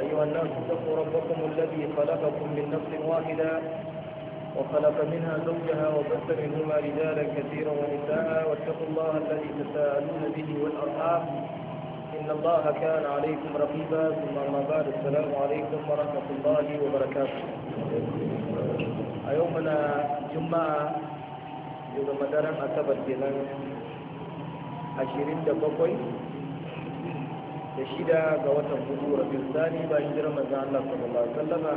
أيها الناس اتقوا ربكم الذي خلقكم من نفس واحدة وخلق منها زوجها وبث منهما رجالا كثيرا ونساء واتقوا الله الذي تساءلون به والأرحام إن الله كان عليكم رقيبا ثم أما بعد السلام عليكم ورحمة الله وبركاته يومنا جمعة يوم مدرم أتبت لنا عشرين دقيقة da shida ga watan hudu a bisani ba hijirar manzan Allah sallallahu alaihi Sallama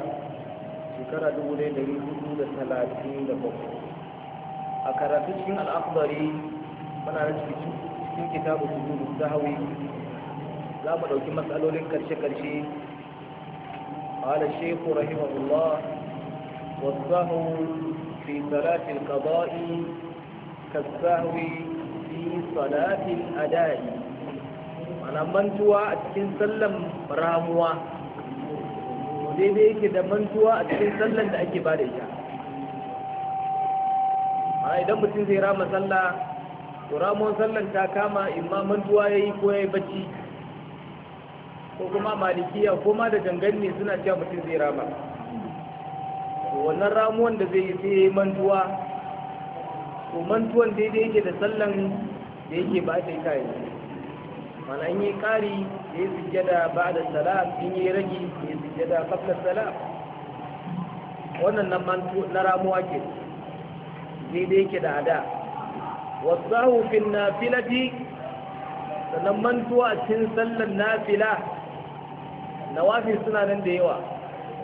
shekara dubu ɗaya da hudu da talatin da bakwai a karatu cikin al'akbari muna da cikin kitabu su gudu sahawi za mu ɗauki matsalolin karshe-karshe قال الشيخ رحمه الله والسهو في صلاة القضاء كالسهو في صلاة الأداء ma'ana mantuwa a cikin sallan ramuwa daidai yake da mantuwa a cikin sallan da ake bada ita a idan mutum zai rama sallah to ramuwan sallan ta kama imma mantuwa ya yi ko ya yi bacci ko kuma malikiya ko ma da gangan ne suna cewa mutum zai rama wannan ramuwan da zai yi sai ya yi mantuwa to mantuwan daidai yake da sallan da yake ba ta ita yanzu. mana in yi ƙari ya yi sujjada ba da salam in yi ragi ya yi sujjada kafin salam wannan na ramuwa ke daidai ke da ada wasu zahufin na filati sannan mantuwa cin sallan na fila na wafi suna nan da yawa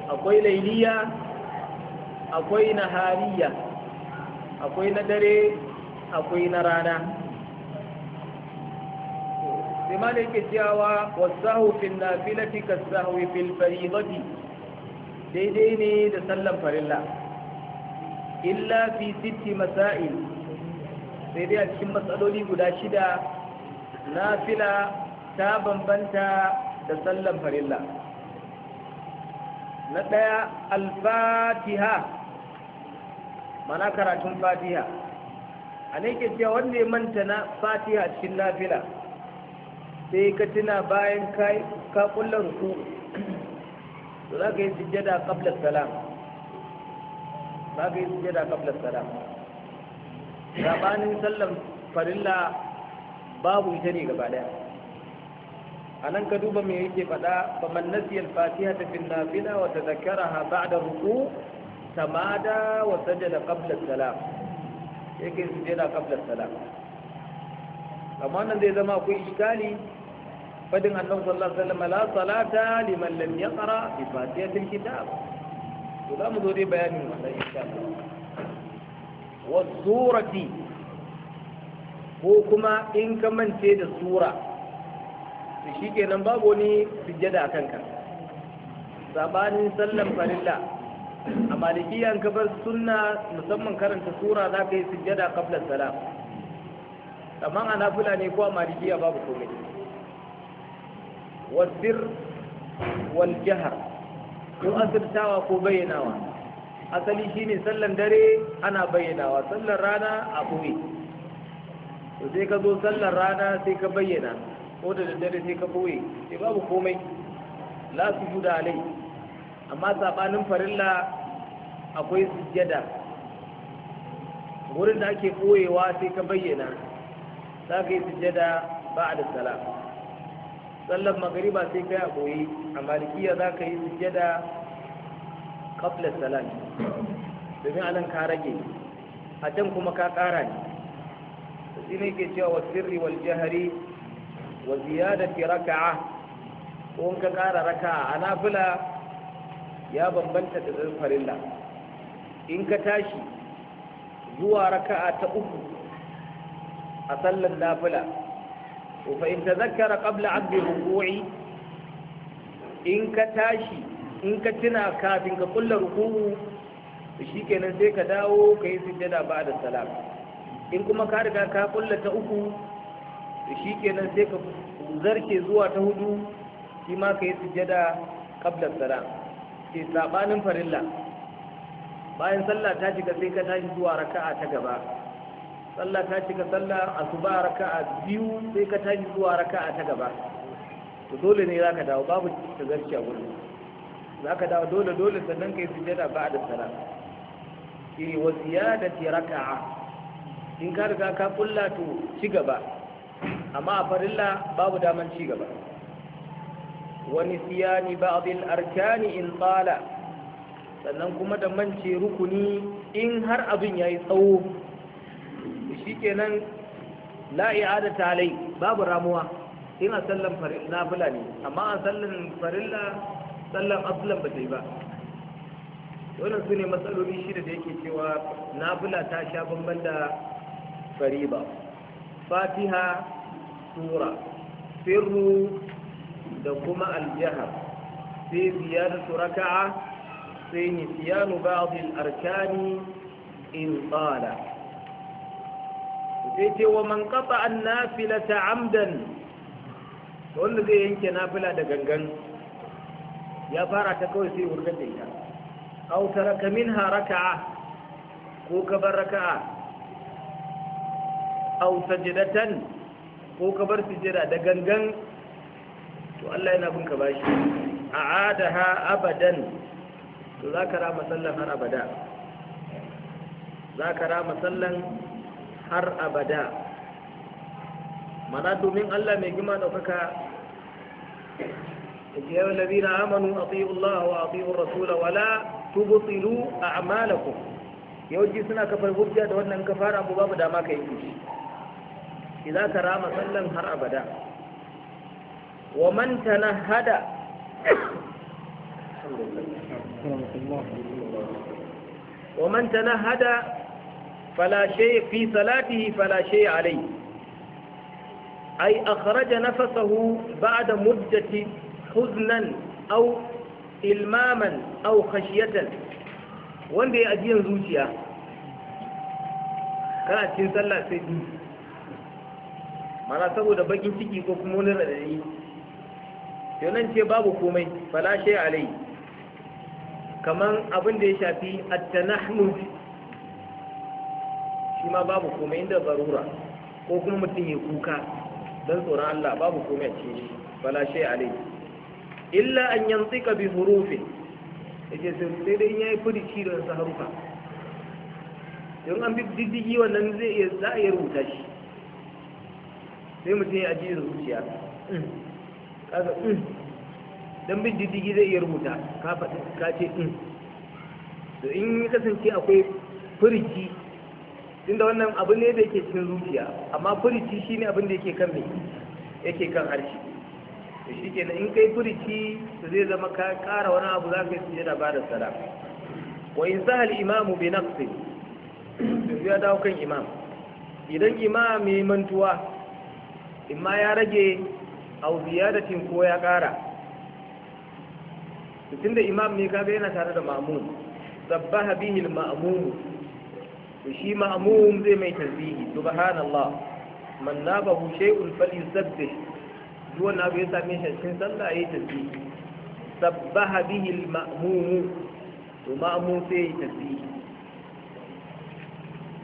akwai lailiya akwai na hariya akwai na dare akwai na rana sai ma da yake cewa sahu fil nafilati sahu fil fariidati daidai ne da sallan farilla illa fi sitti masail sai dai a cikin matsaloli guda shida nafila ta bambanta da sallan farilla na ɗaya alfatiha mana karatun fatiha a ne ke cewa wanda ya manta na fatiha cikin nafila sai ka tuna bayan ka kulla ruku to za ka yi sujjada kabla salam za ka yi sujjada kabla salam bani sallan farilla babu ita ne gaba daya a nan ka duba me yake faɗa fa man nasiya al-fatiha fi an-nafila wa tadhakkaraha ba'da ruku tamada wa sajada qabla sai salam yake sujjada qabla salam amma nan zai zama akwai iskali fadin annabi sallallahu Sallama wasallam la salata liman lam tsara, bi fatihatil kitab to za mu zo dai bayanin wannan insha Allah wa surati ko kuma in ka mance da sura to shikenan babu wani sujjada akan ka sabanin sallan farilla a malikiya an kabar sunna musamman karanta sura za ka yi sujjada qabla salam amma ana fula ne ko a malikiya babu komai wasir wal jahar yau asirtawa ko bayyanawa asali shine sallan dare ana bayyanawa sallan rana a ɓoye to sai ka zo sallan rana sai ka bayyana ko da daddare sai ka ɓoye sai babu komai la su juda alai amma saɓanin farilla akwai sujjada wurin da ake koyewa sai ka bayyana za ka yi sujjada ba da salam sallar magariba sai kai a koyi a malikiya za ka yi sujjada kafla salam domin anan ka rage a can kuma ka kara ne shi ne ke cewa sirri wal jahari wa ziyadati raka'a ko ka kara raka'a a nafila ya bambanta da zarfarilla in ka tashi zuwa raka'a ta uku a sallar nafila fa in tazakkara qabla abdi ruku'i in ka tashi in ka tuna kafin ka kulla ruku'u kenan sai ka dawo ka yi sujjada ba da salam in kuma ka riga ka kulla ta uku shi kenan sai ka zarke zuwa ta hudu shi ma ka yi sujjada qabla salam sai sabanin farilla bayan sallah ta shiga sai ka tashi zuwa raka'a ta gaba sallah ta cika sallah asuba raka'a biyu sai ka tashi zuwa raka'a ta gaba to dole ne zaka dawo babu tagarci a gurin zaka dawo dole dole sannan kai sujjada ba'da salat shi wa ziyadati raka'a in ka riga ka kulla to ci gaba amma a farilla babu daman ci gaba wa nisyani ba'd al-arkani in qala sannan kuma da mance rukuni in har abin yayi tsawo shikenan la'ia da alai babu ramuwa ina sallan farilla fula ne amma a sallan farilla sallan ba ta yi ba wannan su ne matsaloli shida da yake cewa nafula ta sha bamban da fariba fatiha sura firru da kuma aljihar sai suraka'a raka'a sai nisiyanu ba'd arkani in tsada. sai ce wa man kafa an nafila ta amdan wanda zai yanke nafila da gangan ya fara ta kawai sai wurgar da ita aw taraka minha raka'a ko ka bar raka'a aw sajdatan ko ka bar sujada da gangan to Allah yana bin ka bashi a'adaha abadan to zaka rama sallan har abada zaka rama sallan har abada mana domin Allah mai gima ɗaukaka ya yi labina amanu a tsayi Allah wa a tsayi rasula wala tubutilu a amalakum Yauji suna kafar hujja da wannan kafara abu babu dama ka yi kushi. shi za ka rama sallan har abada wa man tanahada wa man tanahada fi شيء falashe alai. فلا شيء عليه أي أخرج نفسه بعد مدة حزنا أو wanda ya ajiyan zuciya kana cikin sallah sai ji mana saboda bakin ciki ko kuma wani radadi nan ce babu komai falashe alai kamar abin da ya shafi at-tanahmud shi ma babu komai inda zarura ko kuma mutum ya kuka don tsoron Allah babu komai a cikin shi bala shi alai illa an yantsika bi hurufin yake sai dai yayi furuci da wasu harufa don an bi diddigi wannan zai iya za a rubuta shi sai mutum ya ajiye zuciya kasa in mm. don bin diddigi zai iya rubuta ka faɗi ka ce in mm. to in kasance akwai furuci tunda wannan abu ne da yake cikin zuciya amma furici shine abin da yake kan me yake kan harshe shi ke in kai furici su zai zama kara wani abu za ka yi sujada ba da salam wa in sahal imamu bai naqsi su ya dawo kan imam idan imam ya yi mantuwa ma ya rage wuziya da tinko ya kara tun tunda imam ne kaga yana tare da ma'mum sabbaha bihi al-ma'mum shi ma'mum zai mai tasbihi subhanallah man nabahu shay'un falyusabbih duk wanda ya same shi cikin sallah yayi tasbihi sabbaha bihi al-ma'mum to ma'mum sai yayi tasbihi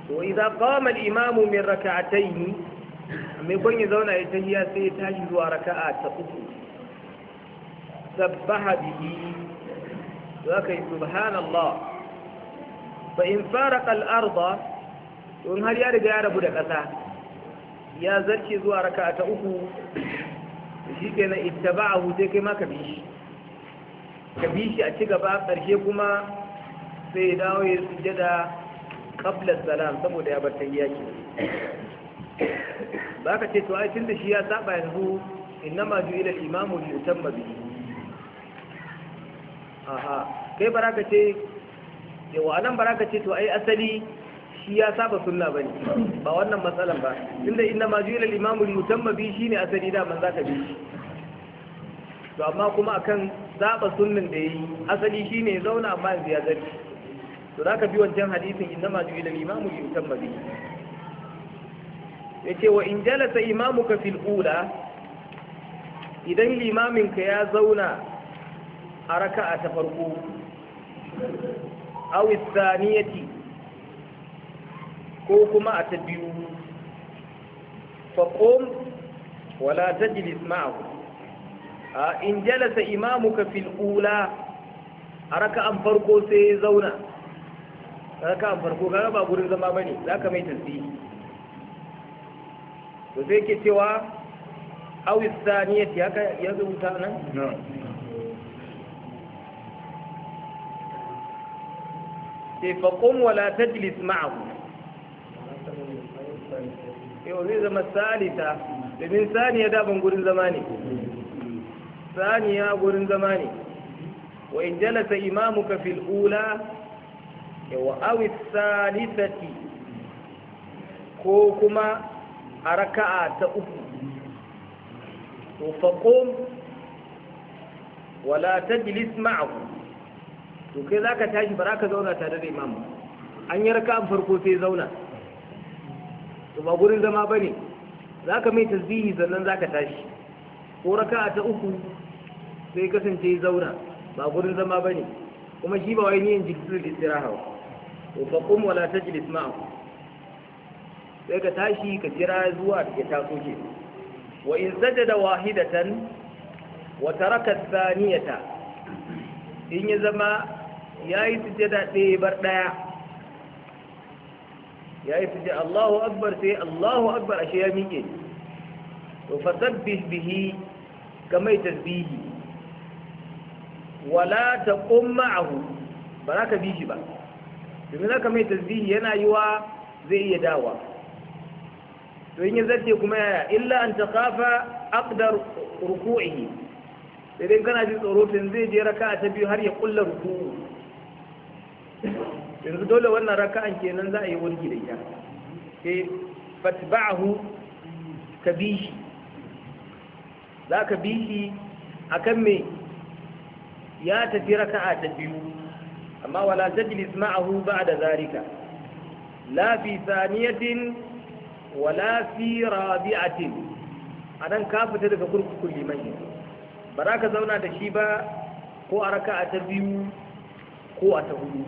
to idza qama al-imamu min rak'atayn me kun yi zauna ya tahiyya sai ya tashi zuwa raka'a ta uku sabbaha bihi to kai subhanallah fa in faraka al-arda in har ya riga ya rabu da ƙasa ya zarce zuwa raka ta uku shi ke na ittaba'ahu sai kai ma ka bi shi ka bi shi a ci gaba ƙarshe kuma sai ya dawo ya sujjada qabla salam saboda ya bar tahiyya ke ba ka ce to ai tunda shi ya saba yanzu innama ju ila imamu li yutamma bihi aha kai baraka ce yawa nan ba za ka ce to ai asali shi ya saba sunna ba ne ba wannan matsalan ba inda inna ma juyila al-imamu al-mutamma bi asali da man zaka bi shi to amma kuma akan zaba sunnan da yi asali shi ya zauna amma yanzu ya zarci to zaka bi wancan hadisin inna ma juyila al-imamu al-mutamma bi wa in jalasa imamuka fil ula idan ka ya zauna a raka'a ta farko awis saniyati ko kuma a ta biyu faƙom wala ta jilis ma'ahu a in jalasa imamuka fil a raka'an farko sai ya zauna raka'an farko kaga ba wurin zama bane za ka mai tasbihi to ke cewa awis saniyati haka ya rubuta nan sai faƙon wala tajlis ma'ahu yau zai zama salita domin saniya daban gurin zama ne saniya gurin zama ne wa in jalasa imamuka fil ula yawa awi salisati ko kuma a raka'a ta uku to faƙon wala tajlis ma'ahu to kai za ka tashi ba za ka zauna tare da imamu an yi raka'an farko sai zauna to ba gurin zama ba ne za ka mai tasbihi sannan za ka tashi ko raka'a ta uku sai kasance zauna ba gurin zama ba ne kuma shi ba wai niyan jikisul istiraha ba to fa qum wala tajlis ma'ahu sai ka tashi ka jira zuwa da ta soke wa in sajada wahidatan wa taraka thaniyata in ya zama ya yi sujada ɗaya bar ɗaya ya yi sujada Allahu Akbar sai Allahu Akbar ashe ya miƙe to fasabbih bihi kamai tasbihi wala taqum ma'ahu ba za ka bi shi ba domin haka mai tasbihi yana yi wa zai iya dawa to in yi zace kuma yaya illa an taqafa aqdar ruku'ihi sai dai kana jin tsoro tun zai je raka a ta biyu har ya kulla ruku'u yanzu dole wannan raka'an kenan za a yi wurgi da ita sai fatba'ahu ka bi shi za ka bi shi a kan mai ya tafi raka'a ta biyu amma wala tajlis ma'ahu da zarika. la fi saniyatin wala fi rabi'atin nan ka fita daga kurkukun limanin ba za ka zauna da shi ba ko a raka'a ta biyu ko a ta hudu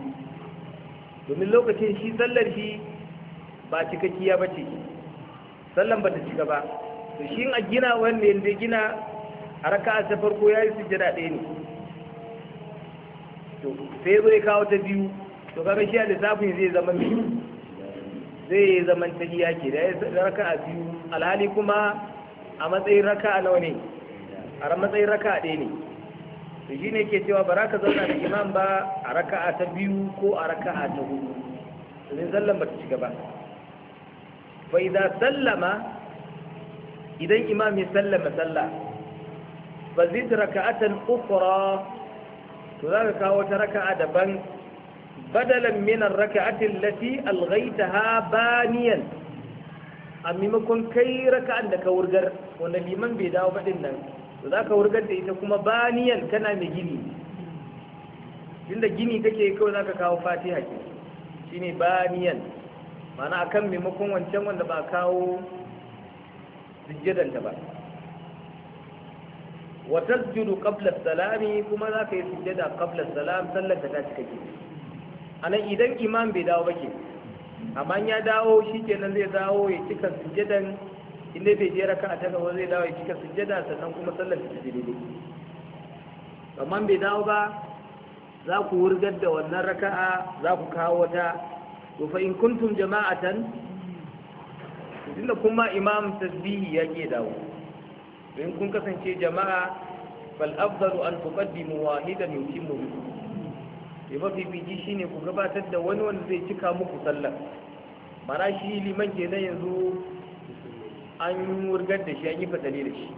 domin lokacin shi sallar shi ba cikakkiya ba ce sallan ba ta cika ba to shi a gina wanda yadda gina a raka a safar ko ya yi su jira ɗaya ne to sai zai kawo ta biyu to kaga shi a lissafin zai zama biyu zai zama ta biya ke da raka a biyu alhali kuma a matsayin raka nawa ne a matsayin raka a ɗaya ne to shi ne ke cewa ba za ka zauna da imam ba a raka'a ta biyu ko a raka'a ta hudu domin zallan ba ta shiga ba fa idan sallama idan imam ya sallama sallah fa zid raka'atan ukhra to za ka kawo ta raka'a daban badalan minan raka'atin lati algaita ha baniyan a maimakon kai raka'an da ka wurgar wanda liman bai dawo ba nan to za ka wurgar da ita kuma baniyan tana mai gini inda gini yi kawai za ka kawo fatiha ke shi ne baniyan mana a kan maimakon wancan wanda ba kawo sujjadanta ba wata judu kablar salami kuma za ka yi sujjada kablar salam sallar da ta cika ke a nan idan imam bai dawo ba ke amma ya dawo shi kenan zai dawo ya cika sujjadan in dai bai je raka a taka zai dawo ya cika sujjada sannan kuma sallar ta tafi amma bai dawo ba za ku wurgar da wannan raka'a za ku kawo wata to fa in kuntum jama'atan inda kuma imam tasbihi ya ke dawo in kun kasance jama'a bal afdalu an tuqaddimu wahidan yutimmu bikum ya bi biji eh, shine ku gabatar da wani wanda zai cika muku sallar mara shi liman kenan yanzu an yi wurgar da shi an yi fasali da shi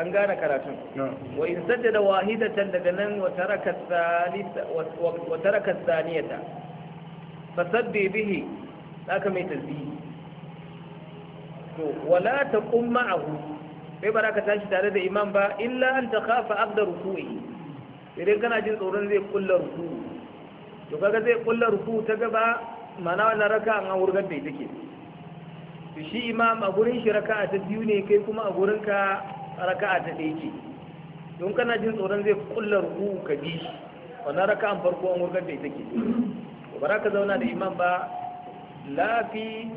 an gane karatun wa in saddada wahidatan daga nan wa taraka thalitha wa taraka thaniyata fasabbi bihi zaka mai tasbihi to wala kun ma'ahu sai ka tashi tare da imam ba illa an takhafa abda ruku'i idan kana jin tsoron zai kulla ruku to kaga zai kulla ruku ta gaba mana wannan raka an wurgar da ita ke to shi imam a gurin shi raka'a ta biyu ne kai kuma a gurin ka raka'a ta ɗaya ce don kana jin tsoron zai kulla ruku ka bi shi wannan raka'an farko an gurgar da ita ke ba za ka zauna da imam ba lafi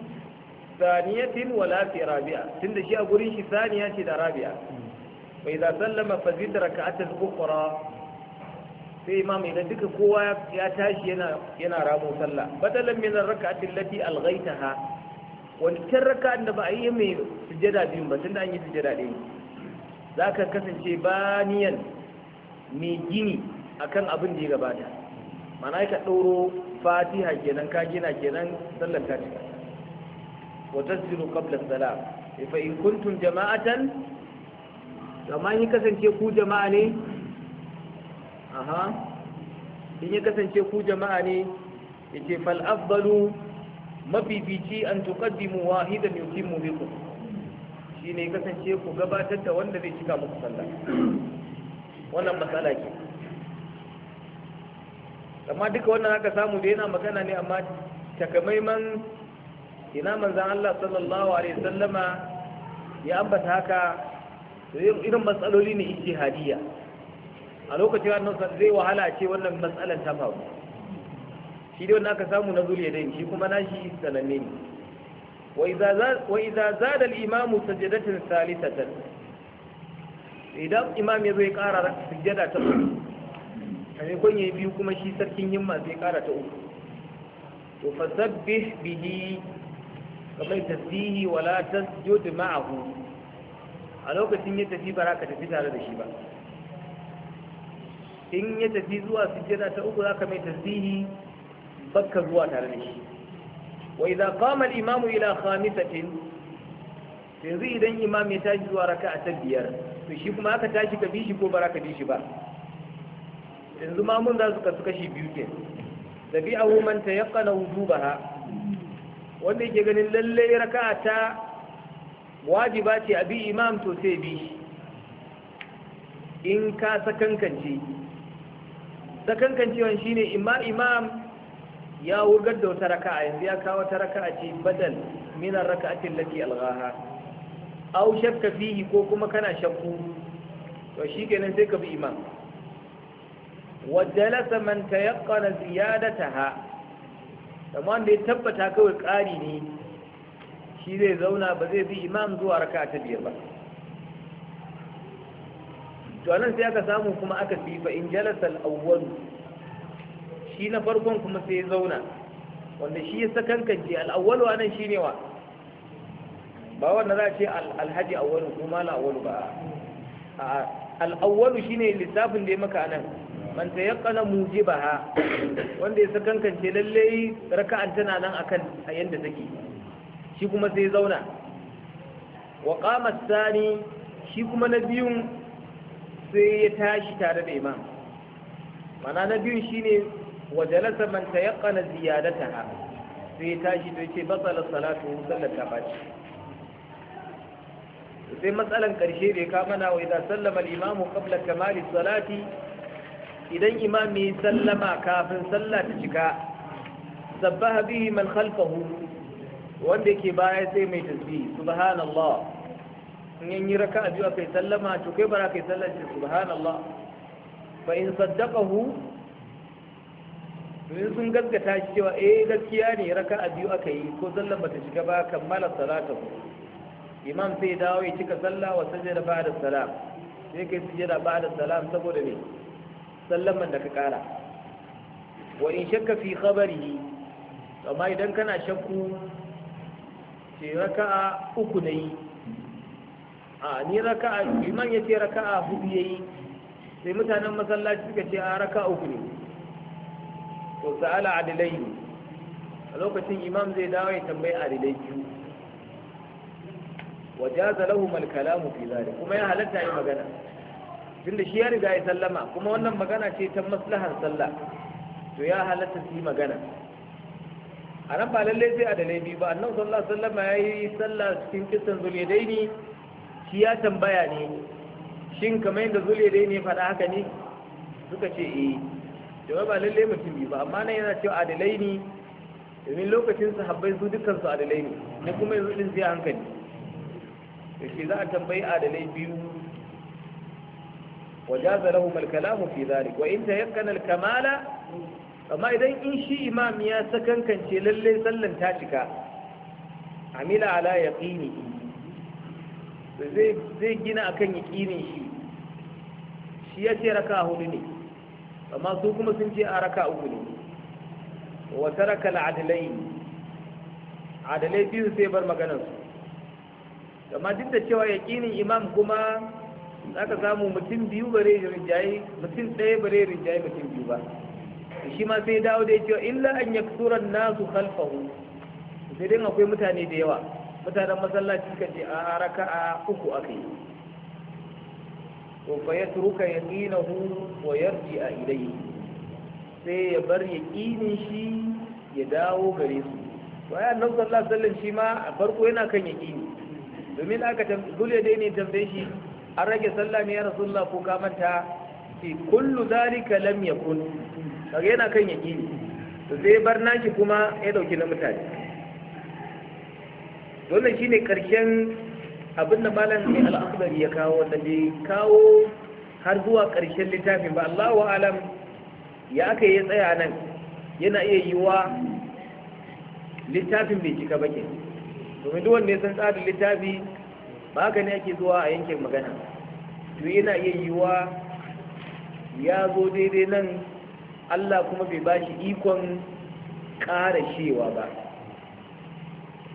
saniyatin wa lafi rabi'a da shi a gurin shi saniya ce da rabi'a mai za sallama fazid ta ukhra sai imam idan duka kowa ya tashi yana yana ramo sallah badalan min lafi algaita ha? wancan raka da ba a yi mai sujada biyu ba tun da an yi sujada ɗaya za ka kasance baniyan mai gini a kan abin da ya gabata mana ka ɗoro fatiha kenan ka gina kenan sallar ta cika wa tasbiru qabla salam fa in kuntum jama'atan amma in kasance ku jama'a ne aha in ya kasance ku jama'a ne yace fal afdalu mafifici an tuqaddimu wahidan yutimmu bikum shine kasance ku gabatar da wanda zai cika muku sallah wannan matsala ke amma duka wannan aka samu da yana magana ne amma takamaiman ina manzan Allah sallallahu alaihi sallama ya ambata haka irin matsaloli ne ijtihadiyya a lokacin annabi zai wahala ce wannan matsalan ta faru shi dai wanda aka samu na zuriya dai shi kuma nashi sananne ne wa idza zada al-imam sajdatan salisatan idan imam ya zo ya kara sujjada ta uku a kun yi biyu kuma shi sarkin himma zai kara ta uku to fasabbih bihi kamar tasbihi wala tasjud ma'ahu a lokacin ya tafi ba ka tafi tare da shi ba in ya tafi zuwa sujjada ta uku za ka mai tasbihi bakka zuwa tare da shi wa idza qama al-imam ila khamisatin yanzu idan imam ya tashi zuwa raka'a ta biyar to shi kuma aka tashi ka bi shi ko ba ka bi shi ba yanzu ma mun za su kasu kashi biyu ke dabi'ahu man tayaqqana wujubaha wanda yake ganin lalle raka'a ta wajiba ce a bi imam to sai bi shi in ka sakankance sakankancewan shine imma imam ya wurgar da wata raka'a yanzu ya kawo wata raka'a ce badal minar raka'atin lati alghaha aw shakka fihi ko kuma kana shakku to shikenan sai ka bi imam wa man tayaqqana ziyadataha amma wanda ya tabbata kawai ƙari ne shi zai zauna ba zai bi imam zuwa raka'a ta biyar ba to anan sai aka samu kuma aka fi fa in jalasa al-awwalu shi na farkon kuma sai ya zauna wanda shi ya sakankance al'awwalu a nan shi ne wa ba wanda za a ce alhaji awwalu ko mala awwalu ba a al'awwalu shi ne lissafin da ya maka anan man ta yakana ha. wanda ya sakankance lalle raka'an tana nan akan a yanda take shi kuma sai ya zauna wa qama sani shi kuma na biyun sai ya tashi tare da imam mana na biyun shine wa jalasa man tayaqqana ziyadataha sai tashi to yace batsala salatu sallar ta baci sai matsalan ƙarshe bai ya kama na wa idan sallama Limamu imamu qabla kamali salati idan imam ya sallama kafin sallah ta cika sabbaha bihi man khalfahu wanda ke baya sai mai tasbih subhanallah in yi raka'a biyu kai sallama to kai bara kai sallar subhanallah fa in saddaqahu sai sun gaskata shi cewa eh gaskiya ne raka a biyu aka yi ko ba ta shiga ba kammala salata ku imam sai dawo ya cika sallah wa sajjada ba da salam sai kai sujada ba da salam saboda me sallaman da ka kara wa in shakka fi khabarihi amma idan kana shakku ce raka'a uku na yi a ni raka'a imam ya ce raka'a hudu ya yi sai mutanen masallaci suka ce a raka'a uku ne to sa'ala adilai a lokacin imam zai dawo ya tambayi adilai biyu wa jaza lahum al-kalamu fi zalik kuma ya halatta yi magana tunda shi ya riga ya sallama kuma wannan magana ce ta maslahar sallah to ya halatta su yi magana a nan ba lallai sai adalai biyu ba annabi sallallahu alaihi wasallam ya yi sallah cikin kisan zuliyadaini shi ya tambaya ne shin kamar yadda zuliyadaini ya faɗa haka ne suka ce eh jama'a ba lalle mutum biyu ba amma nan yana cewa adalai ne domin lokacin sahabbai su dukkan su adalai ne ne kuma yanzu din sai hankali yake za a tambayi adalai biyu وجاز لهم الكلام في ذلك وإن تيقن الكمال amma idan in shi imam ya sakankance lalle sallan ta cika amila ala yaqini zai zai gina akan yaqinin shi shi ya ce raka hudu ne amma su kuma sun ce a raka uku ne wa taraka al'adalai adalai biyu sai bar maganar su amma duk da cewa yaƙinin imam kuma zaka samu mutum biyu bare rinjaye mutum ɗaya bare rinjaye mutum biyu ba shi ma sai dawo da cewa illa an yaksuran nasu kalfahu sai dai akwai mutane da yawa mutanen masallaci kan ce a raka'a uku kai. to ya yatruka yaqinahu wa a idai. sai ya bar yaqinin shi ya dawo gare su to ai annabi sallallahu shi ma a farko yana kan yaqini domin aka tambaye dai ne tambaye shi an rage sallah ne ya rasulullah ko ka manta fi kullu dhalika lam yakun kaga yana kan yaqini to sai bar nashi kuma ya dauki na mutane wannan shine karshen abin da malam ne al'akbar ya kawo da dai, kawo har zuwa ƙarshen littafin ba Allahu alam ya aka yi tsaya nan yana iya yi wa littafin bai cika ba ke domin duwan ne tsarin littafi ba haka ne ake zuwa a yankin magana to yana iya yi wa ya zo daidai nan Allah kuma bai ba shi ikon ƙara shewa ba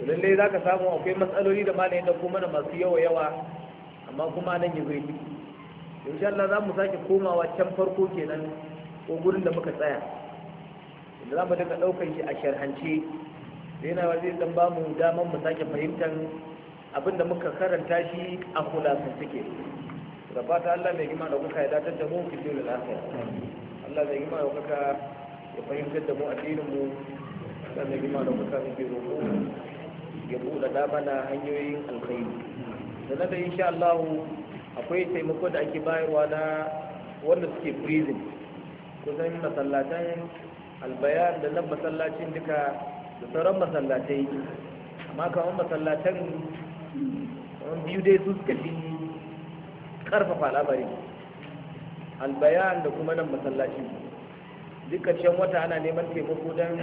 to lalle za ka samu akwai matsaloli da malayin da kuma masu yawa yawa amma kuma nan yi zai insha Allah za mu sake komawa can farko kenan ko gurin da muka tsaya inda za mu daga ɗaukar shi a sharhance yana wa zai dan mu damar mu sake fahimtar abin da muka karanta shi a kulasan suke da fata Allah mai gima da kuka ya datar da mu fito da lafiya Allah mai gima da kuka ya fahimtar da mu addinin mu Allah mai gima da kuka muke roƙo ya buɗaɗa mana hanyoyin alkhairi na da insha Allah akwai taimako da ake bayarwa na wanda suke prison kusan masallatan albayan da nan masallacin duka da sauran masallatai amma kamar masallatan biyu dai su suka fi karfafa labarin albayan da kuma nan masallacin duka can wata ana neman taimako don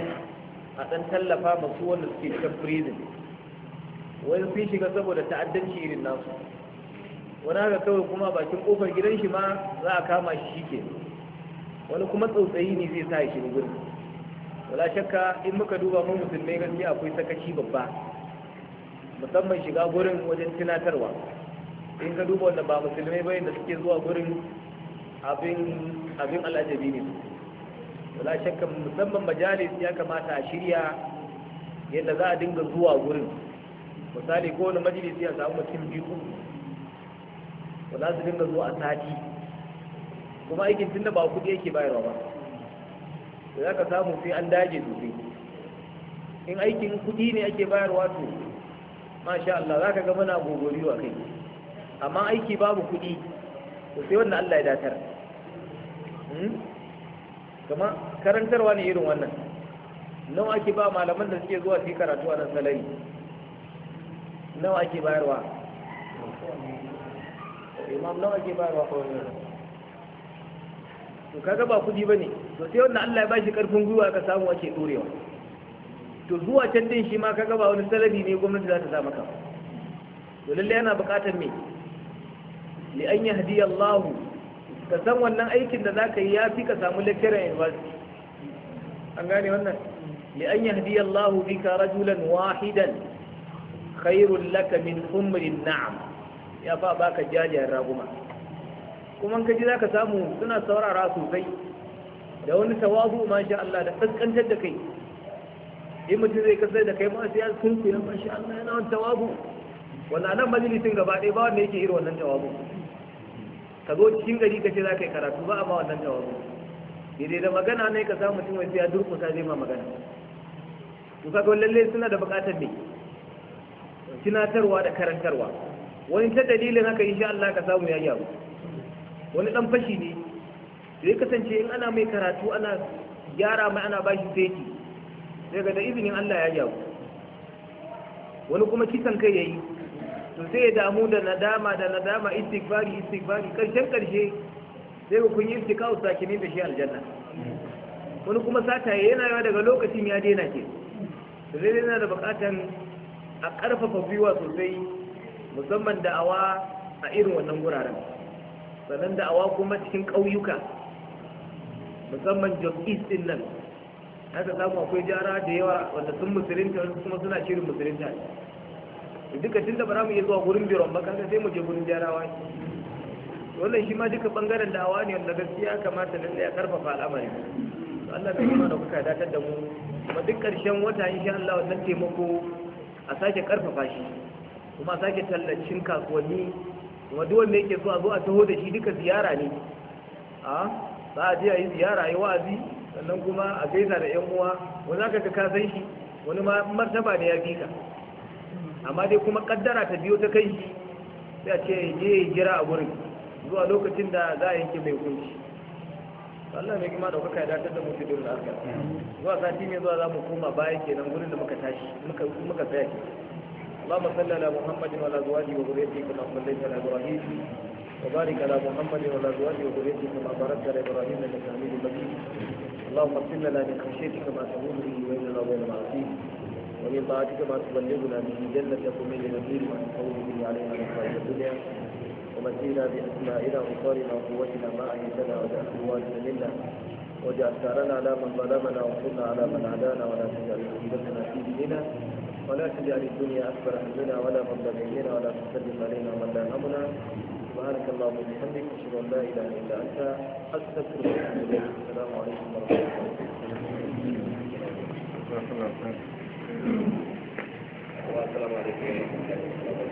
a ɗan tallafa masu wanda suke cikin prison wani sun shiga saboda ta'addanci irin nasu wani haka kawai kuma bakin kofar gidan shi ma za a kama shi shi ke wani kuma tsautsayi ne zai sa ya shiga gurin wala shakka in muka duba mu musulmai gaskiya akwai sakaci babba musamman shiga gurin wajen tunatarwa in ka duba wanda ba musulmai bayan da suke zuwa gurin abin alajabi ne wala shakka musamman majalis ya kamata a shirya yadda za a dinga zuwa gurin misali ko wani majalisi ya samu mutum biyu ba za su dinga zuwa sati kuma aikin tun da ba kuɗi yake bayarwa ba da za ka samu sai an dage sosai in aikin kuɗi ne ake bayarwa to masha Allah za ka ga gogori wa kai amma aiki babu kuɗi to sai wannan Allah ya datar hmm? kuma karantarwa ne irin wannan nawa ake ba malaman da suke zuwa su yi karatu a nan salari nawa ake bayarwa imam nawa ake bayarwa ko ne. to kaga ba kudi bane to sai wanda Allah ya bashi karfin gwiwa ka samu ake dorewa to zuwa can din shi ma kaga ba wani talabi ne gwamnati za ta sa maka to lalle yana buƙatar me li an yahdi Allah ka san wannan aikin da zaka yi ya fi ka samu lecturer university an gane wannan li an yahdi Allah bika rajulan wahidan khairun laka min humrin na'am ya fa baka jajayen raguma kuma ka ji zaka samu suna saurara sosai da wani tawazu masha Allah da tsakantar da kai in mutum zai kasar da kai ma sai ya sunku ya sha Allah yana wani tawazu wannan nan majalisin gaba ɗaya ba wanda yake irin wannan tawazu ka zo cikin gari ka ce za yi karatu ba a ma wannan tawazu daidai da magana ne ka samu mutum sai ya durkusa zai ma magana to kaga lallai suna da buƙatar ne tunatarwa da karantarwa wani ta dalilin haka insha Allah ka samu ya yaro wani dan fashi ne sai kasance in ana mai karatu ana gyara mai ana bashi feki sai ga da izinin Allah ya yawo wani kuma kisan kai yayi to sai ya damu da nadama da nadama istighfari istighfari karshen karshe sai kun yi kawo sakinin da shi aljanna wani kuma sata yana yawa daga lokacin ya daina ke sai yana da bukatan a ƙarfafa gwiwa sosai musamman da'awa a irin wannan guraren sannan da'awa kuma cikin ƙauyuka musamman jos east din nan haka samu akwai jara da yawa wanda sun musulunta kuma suna shirin musulunta duka tun da ba za mu iya zuwa gurin biron ba kaga sai mu je gurin jarawa wannan shi ma duka bangaren da'awa ne wanda gaskiya kamata na tsaye ya karfafa al'amari Allah ta yi mana kuka datar da mu kuma duk ƙarshen wata insha Allah wannan taimako a sake karfafa shi kuma sake tallacin kasuwanni kuma duk wanda yake so a zo a taho da shi duka ziyara ne a za a je a yi ziyara yi wa'azi sannan kuma a gaisa da yan uwa wani aka ga ka san shi wani ma martaba ne ya fi ka amma dai kuma kaddara ta biyo ta kai shi sai a ce je jira a wurin. zuwa lokacin da za a yanke mai kunshi. Allah ne kuma da kuka yada da mutu da arka zuwa sati mai zuwa za mu koma baya kenan gurin da muka tashi muka muka tsaya ke Allahumma salli ala Muhammadin wa ala zawaji wa zuriyyati kama sallaita ala Ibrahim wa barik la Muhammadin wa ala zawaji wa zuriyyati kama barakta ala Ibrahim wa ala zawaji wa اللهم wani لنا من خشيتك ما تموت به وإلى الله وإلى معصيتك ومن طاعتك ما تبلغنا به جنتك ومن لنبيل وأن تقوم به علينا من خير ومتينا بأسمائنا وصالنا وقوتنا ما أهيتنا وجعله الوالد منا واجعل ثارنا على من ظلمنا وانصرنا على من عادانا ولا تجعل مصيبتنا في ديننا ولا تجعل الدنيا أكبر همنا ولا مبلغ بيننا ولا تسلم علينا من لا همنا سبحانك اللهم وبحمدك أشهد أن لا إله إلا أنت أستغفرك وأتوب إليك السلام عليكم ورحمة الله وبركاته. السلام عليكم